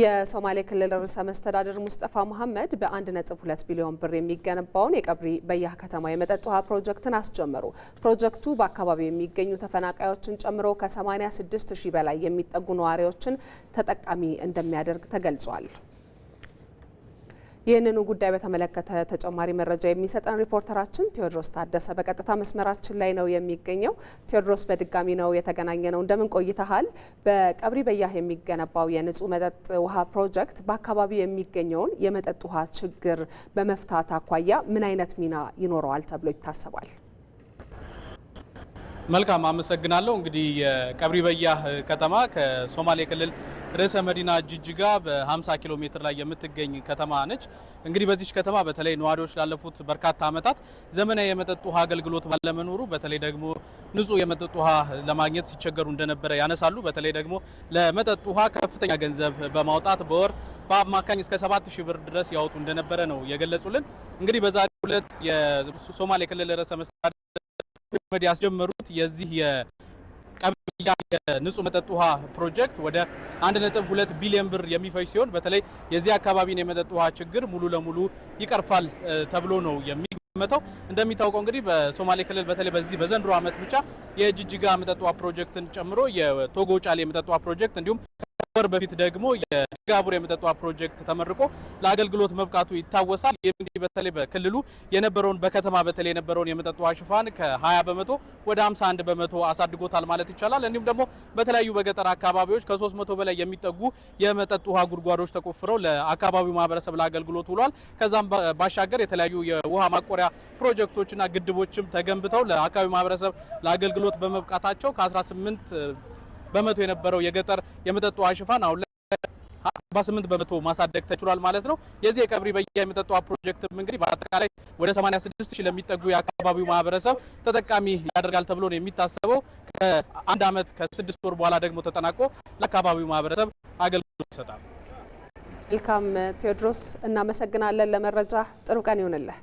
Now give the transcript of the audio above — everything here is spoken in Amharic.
የሶማሌ ክልል ርዕሰ መስተዳድር ሙስጠፋ መሐመድ በ1.2 ቢሊዮን ብር የሚገነባውን የቀብሪ በያህ ከተማ የመጠጥ ውሃ ፕሮጀክትን አስጀመሩ። ፕሮጀክቱ በአካባቢው የሚገኙ ተፈናቃዮችን ጨምሮ ከ86 ሺህ በላይ የሚጠጉ ነዋሪዎችን ተጠቃሚ እንደሚያደርግ ተገልጿል። ይህንኑ ጉዳይ በተመለከተ ተጨማሪ መረጃ የሚሰጠን ሪፖርተራችን ቴዎድሮስ ታደሰ በቀጥታ መስመራችን ላይ ነው የሚገኘው። ቴዎድሮስ በድጋሚ ነው የተገናኘ ነው። እንደምን ቆይተሃል? በቀብሪ በያህ የሚገነባው የንጹህ መጠጥ ውሃ ፕሮጀክት በአካባቢው የሚገኘውን የመጠጥ ውሃ ችግር በመፍታት አኳያ ምን አይነት ሚና ይኖረዋል ተብሎ ይታሰባል? መልካም አመሰግናለሁ። እንግዲህ የቀብሪ በያህ ከተማ ከሶማሌ ክልል ርዕሰ መዲና ጅጅጋ በ50 ኪሎ ሜትር ላይ የምትገኝ ከተማ ነች። እንግዲህ በዚች ከተማ በተለይ ነዋሪዎች ላለፉት በርካታ ዓመታት ዘመናዊ የመጠጥ ውሃ አገልግሎት ባለመኖሩ በተለይ ደግሞ ንጹህ የመጠጥ ውሃ ለማግኘት ሲቸገሩ እንደነበረ ያነሳሉ። በተለይ ደግሞ ለመጠጥ ውሃ ከፍተኛ ገንዘብ በማውጣት በወር በአማካኝ እስከ 7000 ብር ድረስ ያወጡ እንደነበረ ነው የገለጹልን። እንግዲህ በዛሬው ዕለት የሶማሌ ክልል ርዕሰ መስተዳድር መድ ያስጀመሩት የዚህ የቀብያ የንጹህ መጠጥ ውሃ ፕሮጀክት ወደ 1.2 ቢሊዮን ብር የሚፈጅ ሲሆን በተለይ የዚህ አካባቢን የመጠጥ ውሃ ችግር ሙሉ ለሙሉ ይቀርፋል ተብሎ ነው የሚገመተው። እንደሚታወቀው እንግዲህ በሶማሌ ክልል በተለይ በዚህ በዘንድሮ ዓመት ብቻ የጅጅጋ መጠጥ ውሃ ፕሮጀክትን ጨምሮ የቶጎ ጫሌ የመጠጥ ውሃ ፕሮጀክት እንዲሁም ወር በፊት ደግሞ የጋቡር የመጠጥ ውሃ ፕሮጀክት ተመርቆ ለአገልግሎት መብቃቱ ይታወሳል። በተለይ በክልሉ የነበረውን በከተማ በተለይ የነበረውን የመጠጥ ውሃ ሽፋን ከ20 በመቶ ወደ 51 በመቶ አሳድጎታል ማለት ይቻላል። እንዲሁም ደግሞ በተለያዩ በገጠር አካባቢዎች ከ300 በላይ የሚጠጉ የመጠጥ ውሃ ጉድጓዶች ተቆፍረው ለአካባቢው ማህበረሰብ ለአገልግሎት ውሏል። ከዛም ባሻገር የተለያዩ የውሃ ማቆሪያ ፕሮጀክቶችና ግድቦችም ተገንብተው ለአካባቢው ማህበረሰብ ለአገልግሎት በመብቃታቸው ከ18 በመቶ የነበረው የገጠር የመጠጥ ውሃ ሽፋን አሁን 48 በመቶ ማሳደግ ተችሏል ማለት ነው። የዚህ የቀብሪ በያ የመጠጥ ውሃ ፕሮጀክትም እንግዲህ በአጠቃላይ ወደ 86 ሺህ ለሚጠጉ የአካባቢው ማህበረሰብ ተጠቃሚ ያደርጋል ተብሎ ነው የሚታሰበው። ከአንድ ዓመት ከስድስት ወር በኋላ ደግሞ ተጠናቆ ለአካባቢው ማህበረሰብ አገልግሎት ይሰጣል። መልካም ቴዎድሮስ፣ እናመሰግናለን ለመረጃ። ጥሩ ቀን ይሁንልህ።